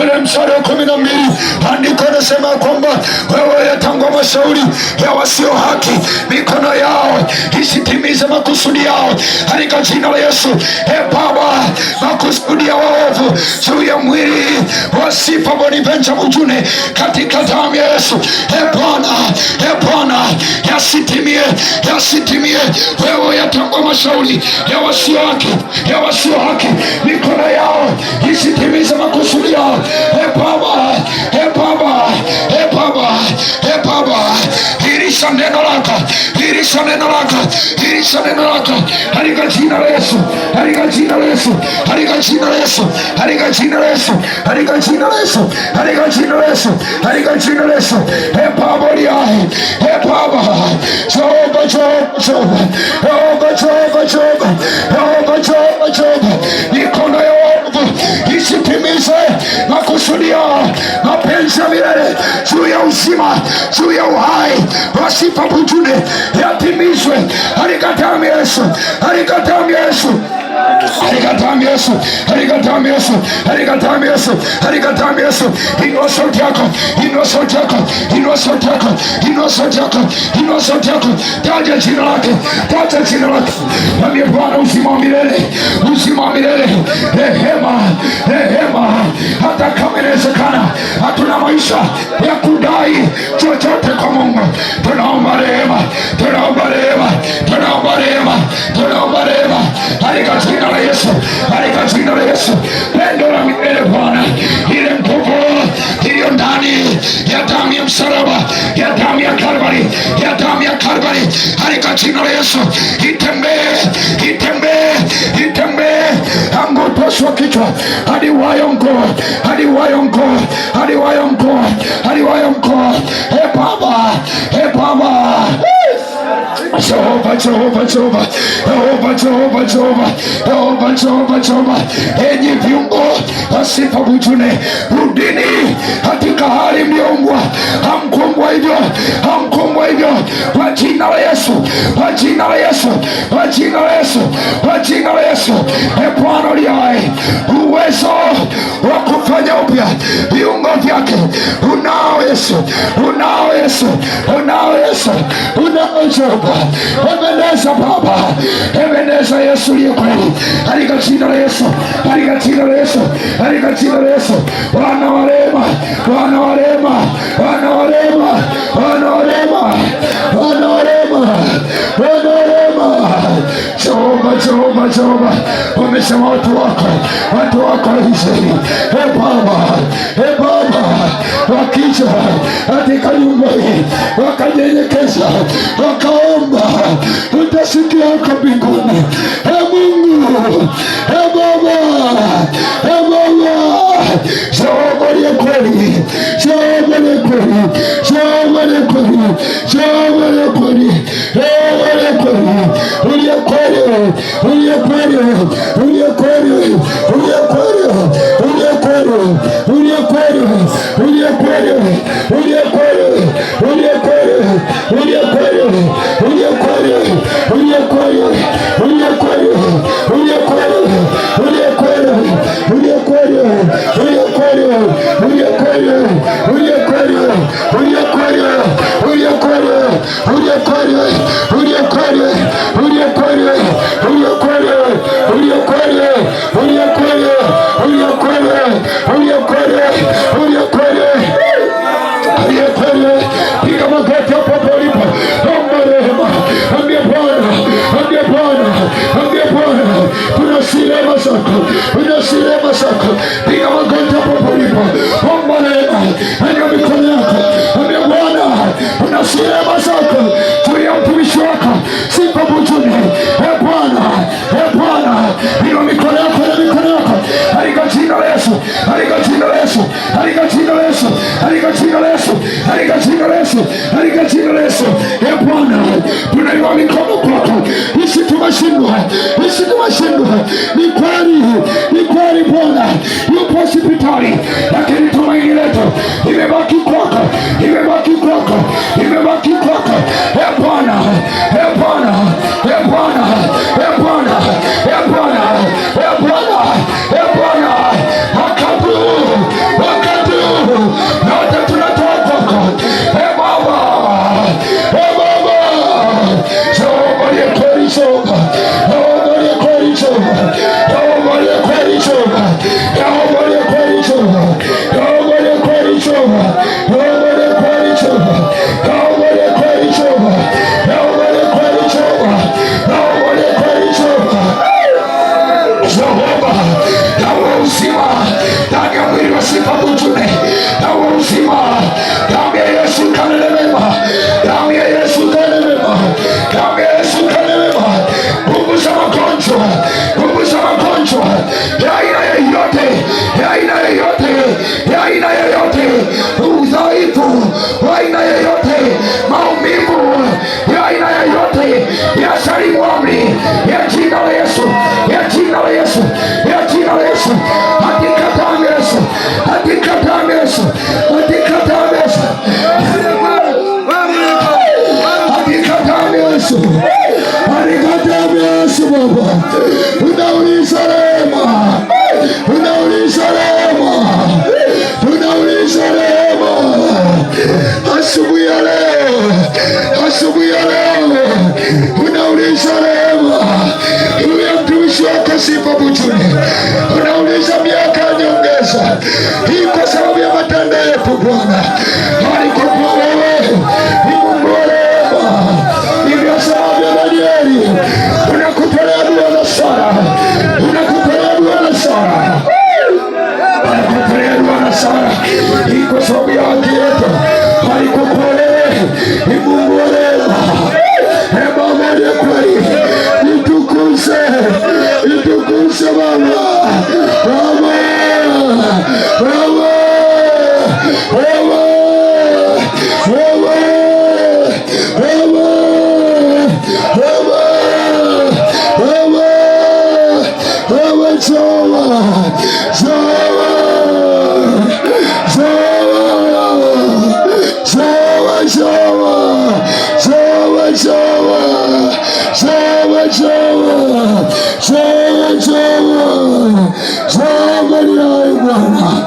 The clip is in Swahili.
ule mstari wa kumi na mbili andiko anasema kwamba wewe yatangwa mashauri ya wasio haki, mikono yao isitimize makusudi yao, katika jina la Yesu. E Baba, makusudi ya waovu juu ya mwili wa sifa Bonivenja Mujune katika damu ya Yesu, e Bwana, e Bwana, yasitimie, yasitimie. Wewe yatangwa mashauri ya wasio haki, ya wasio haki, mikono yao isitimize makusudi Dirisha neno lako, dirisha neno lako, dirisha neno lako, katika jina la Yesu, katika jina la Yesu, katika jina la Yesu, katika jina la Yesu, katika jina la Yesu, katika jina la Yesu, katika jina la Yesu. E Baba liahi, e Baba, Jehova, Jehova, Jehova, Jehova, Jehova, Jehova, Jehova, Jehova, Jehova, mikono ya Mungu isitimize waliokusudia mapenzi ya milele juu ya uzima, juu ya uhai wasipabujude, yatimizwe. Alikatam Yesu, alikatam Yesu Yesu, Yesu, Yesu, Yesu. Inua sauti yako, inua sauti yako, inua sauti yako, inua sauti yako, inua sauti yako. Taja jina lake, taja jina lake. Mwambie Bwana uzima wa milele, uzima wa milele, rehema, rehema ruhusa ya kudai chochote kwa Mungu. Tunaomba rehema, tunaomba rehema, tunaomba rehema, tunaomba rehema katika jina la Yesu, katika jina la Yesu. Pendo la milele Bwana, ile nguvu iliyo ndani ya damu ya msalaba, ya damu ya Kalvari, ya damu ya Kalvari, katika jina la Yesu, itembee, itembee, itembee, angotoshwa kichwa hadi wayo ngoo, hadi wayo ngoo aliwayomkoa aliwayomkoa. E Baba, e Baba Jehova, Jehova, Jehova, Jehova, Jehova, Jehova, Jehova, Jehova, Jehova. Enyi viungo asifa bujune, rudini katika hali mlioumbwa. Hamkuumbwa hivyo, hamkuumbwa hivyo. Kwa jina la Yesu, kwa jina la Yesu, kwa jina la Yesu, kwa jina la Yesu. E Bwana uliye hai, uwezo wa kufanya upya yake. Unao Yesu, unao Yesu, unao Yesu, unao Jehova. Ebeneza Baba, ebeneza Yesu liye kweli, katika jina la Yesu, katika jina la Yesu, katika jina la Yesu. Wana wa rehema, wana wa rehema, wana wa rehema, wana wa rehema, wana wa rehema, wana wa rehema. Jehova, Jehova, Jehova, wamesema watu wako, watu wako Israeli katika nyumba hii, wakanyenyekesha, wakaomba, utasikia huko mbinguni. E Mungu, e Baba, e Baba, jawabu ni kweli, jawabu ni kweli, jawabu ni kweli, jawabu ni kweli, jawabu ni kweli, uliye kweli, uliye kweli, uliye kweli Unasirema zako, unasirema zako Yesu, katika jina la Yesu, katika jina la Yesu, katika jina la Yesu, katika jina la Yesu, katika jina la Yesu. Ee Bwana, tunaiwa mikono kwako, sisi tumeshindwa, sisi tumeshindwa. Ni kweli, ni kweli Bwana, yupo hospitali katika ujumbe na wa uzima. Damu ya Yesu kanene mema, damu ya Yesu kanene mema, damu ya Yesu kanene mema, nguvu magonjwa, nguvu magonjwa ya aina yoyote, ya aina yoyote, ya aina yoyote, udhaifu wa aina yoyote tunauliza rehema, tunauliza rehema asubuhi ya leo, asubuhi ya leo unauliza rehema juu ya mtumishi wako Sifa Buchuni, unauliza Bwana.